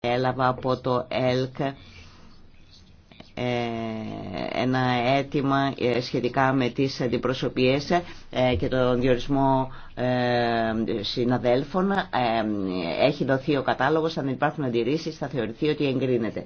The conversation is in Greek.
έλαβα από το ΕΛΚ ε, ένα αίτημα ε, σχετικά με τις αντιπροσωπίες ε, και τον διορισμό συναδέλφων. Έχει δοθεί ο κατάλογος, αν υπάρχουν αντιρρήσεις θα θεωρηθεί ότι εγκρίνεται.